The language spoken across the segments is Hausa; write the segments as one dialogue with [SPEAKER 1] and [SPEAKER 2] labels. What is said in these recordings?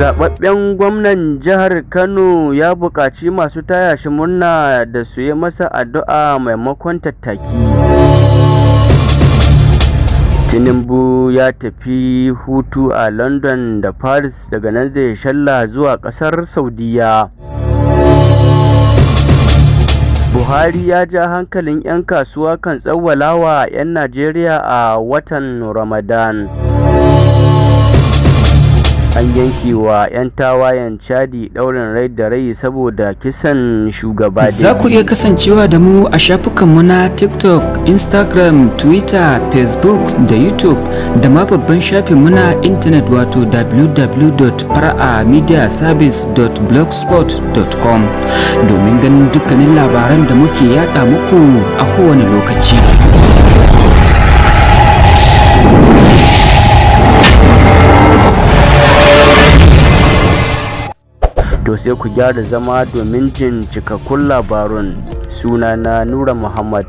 [SPEAKER 1] Zaɓaɓɓen gwamnan jihar Kano ya buƙaci masu taya shi murna da su yi masa addu'a maimakon tattaki. Tinubu ya tafi hutu a London da Paris daga nan zai shalla zuwa ƙasar Saudiya. Buhari ya ja hankalin 'yan kasuwa kan tsawwalawa 'yan Najeriya a watan Ramadan. an yanke wa 'yan tawayen chadi daurin rai da rai saboda kisan shugaba za ku iya kasancewa da mu a shafukanmu na tiktok instagram twitter facebook da youtube da ma babban shafinmu na intanet wato www.paramediaservice.blogspot.com domin ganin dukkanin labaran da muke yada muku a kowane lokaci to sai ku gyara zama domin jin cikakkun labarun sunana nura muhammad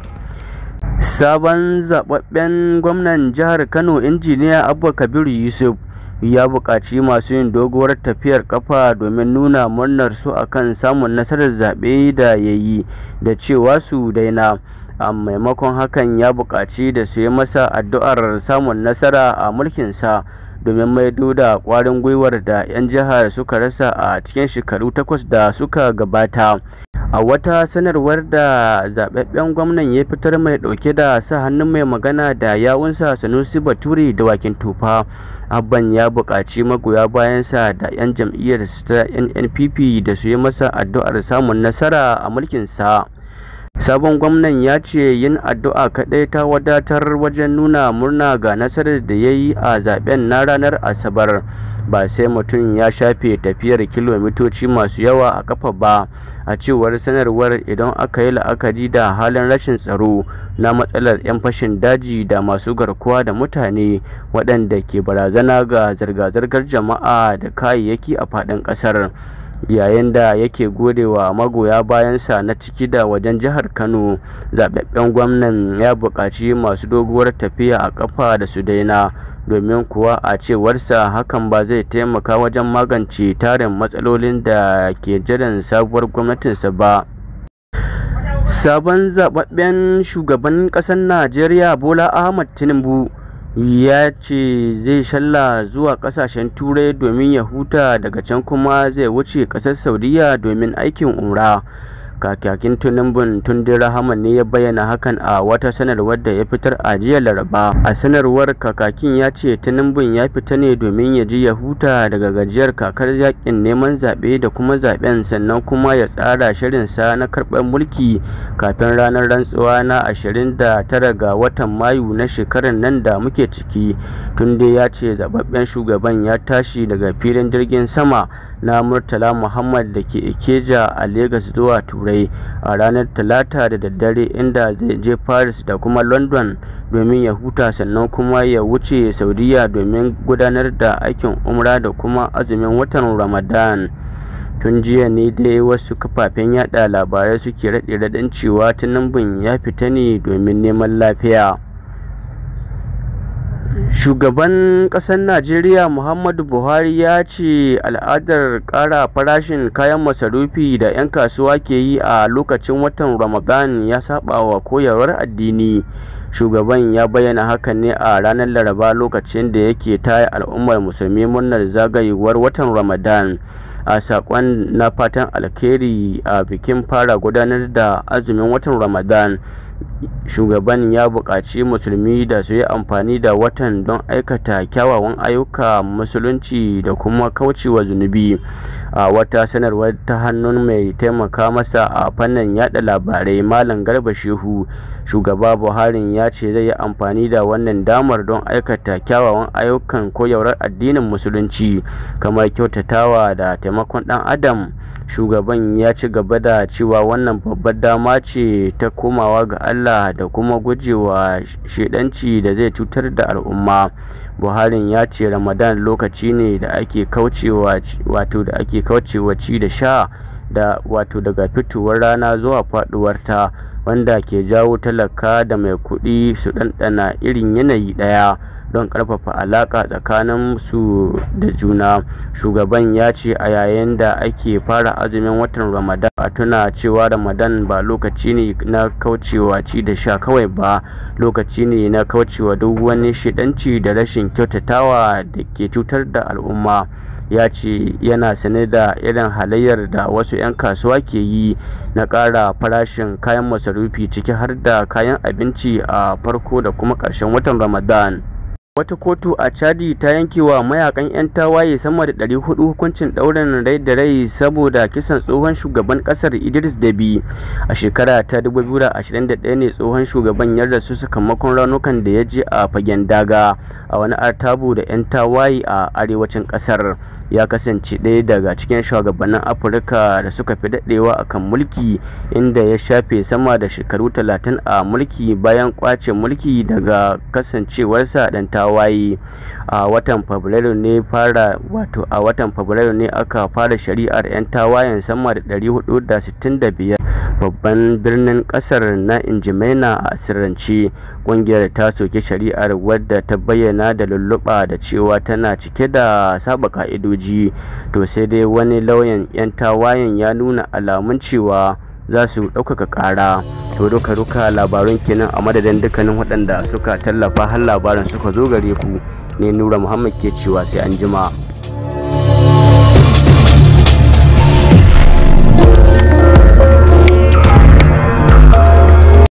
[SPEAKER 1] sabon zababben gwamnan jihar kano injiniya abba kabir yusuf ya buƙaci masu yin doguwar tafiyar kafa domin nuna murnar su akan samun nasarar zaɓe da ya yi da cewa su daina a maimakon hakan ya buƙaci da su yi masa addu'ar samun nasara a mulkinsa domin maido da kwarin gwiwar da 'yan jihar suka rasa a cikin shekaru takwas da suka gabata a wata sanarwar da zaɓaɓɓen gwamnan ya fitar mai ɗauke da sa hannun mai magana da yawunsa sanusi baturi da wakin tufa abban ya buƙaci magoya bayansa da 'yan jam'iyyar ta nnpp da su yi masa addu'ar samun nasara a mulkinsa sabon gwamnan ya ce yin addu'a kaɗai ta wadatar wajen nuna murna ga nasarar da ya yi a zaben na ranar asabar ba sai mutum ya shafe tafiyar kilomitoci masu yawa a ƙafa ba a cewar sanarwar idan aka yi la'akari da halin rashin tsaro na matsalar 'yan fashin daji da masu garkuwa da mutane waɗanda ke barazana ga zirga-zirgar jama'a da kayayyaki a faɗin ƙasar. yayin da yake gode wa magoya bayansa na ciki da wajen jihar kano zaɓaɓɓen gwamnan ya buƙaci masu doguwar tafiya a ƙafa da su daina domin kuwa a cewarsa hakan ba zai taimaka wajen magance tarin matsalolin da ke jiran sabuwar gwamnatinsa ba sabon zaɓaɓɓen shugaban ƙasar najeriya bola ahmad tinubu ya ce zai shalla zuwa kasashen turai domin ya huta daga can kuma zai wuce kasar saudiya domin aikin umra kakakin tunambun tundi rahama ne ya bayyana hakan a wata sanarwar da ya fitar a jiya laraba a sanarwar kakakin ya ce tunambun ya fita ne domin ya ji ya huta daga gajiyar kakar yakin neman zaɓe da kuma zaɓen sannan kuma ya tsara shirinsa na karɓar mulki kafin ranar rantsuwa na ashirin da 29 ga watan mayu na shekarar nan da muke ciki tunde ya ce zababben shugaban ya tashi daga filin jirgin sama na murtala muhammad da ke ikeja a Legas zuwa turai turai a ranar talata da daddare inda zai je paris da kuma london domin ya huta sannan kuma ya wuce saudiya domin gudanar da aikin umra da kuma azumin watan ramadan tun jiya ne dai wasu kafafen yada labarai suke raɗe raɗen cewa tinubu ya fita ne domin neman lafiya shugaban ƙasar najeriya muhammadu buhari ya ce al'adar ƙara farashin kayan masarufi da 'yan kasuwa ke yi a lokacin watan ramadan ya saba wa koyarwar addini shugaban ya bayyana hakan ne a ranar laraba lokacin da yake taya al'ummar musulmi murnar zagayewar watan ramadan a saƙon na fatan alkhairi a bikin fara gudanar da azumin watan ramadan shugaban ya buƙaci musulmi da su yi amfani da watan don aikata kyawawan ayyuka musulunci da kuma kaucewa zunubi a wata sanarwar ta hannun mai taimaka masa a fannin yada labarai malam garba shehu shugaba buhari ya ce zai yi amfani da wannan damar don aikata kyawawan ayyukan koyarwar addinin musulunci kamar kyautatawa da taimakon ɗan adam shugaban ya ci gaba da cewa wannan babbar dama ce ta komawa ga allah Allah da kuma gujewa shedanci da zai cutar da al'umma buharin ya ce ramadan lokaci ne da ake kaucewa ci da sha da wato daga fitowar rana zuwa faduwarta wanda ke jawo talaka da mai kuɗi su ɗanɗana irin yanayi ɗaya don ƙarfafa alaƙa tsakanin su da juna shugaban ya ce a yayin da ake fara azumin watan ramadan a tuna cewa ramadan ba lokaci ne na kaucewa ci da sha kawai ba lokaci ne na kaucewa duk wani shidanci da rashin kyautatawa da ke cutar da al'umma ya ce yana sane da irin halayyar da wasu 'yan kasuwa ke yi na ƙara farashin kayan masarufi ciki har da kayan abinci a farko da kuma ƙarshen watan ramadan Wata kotu a Chadi ta yanke wa mayaƙan 'yan tawaye sama da 400 hukuncin ɗaurin rai da rai saboda kisan tsohon shugaban ƙasar Idris Deby. A shekara ta 2021 ne tsohon shugaban ya rasu sakamakon raunukan da ya je a fagen daga a wani artabu da 'yan tawaye a arewacin ƙasar. ya kasance ɗaya daga cikin shugabannin afirka da suka fi daɗewa a kan mulki inda ya shafe sama da shekaru talatin a mulki bayan kwace mulki daga kasancewarsa ɗan tawaye a watan fabrairu ne fara wato a watan fabrairu ne aka fara shari'ar 'yan tawayen sama da 465 babban birnin kasar na injimena a sirrance kungiyar ta soke shari'ar wadda ta bayyana da lulluɓa da cewa tana cike da saba ka'idoji to sai dai wani lauyan 'yan tawayen ya nuna alamun cewa za su ɗaukaka ƙara to duka duka labarun kenan a madadin dukkanin waɗanda suka tallafa har labarin suka zo gare ku ne nura muhammad ke cewa sai an jima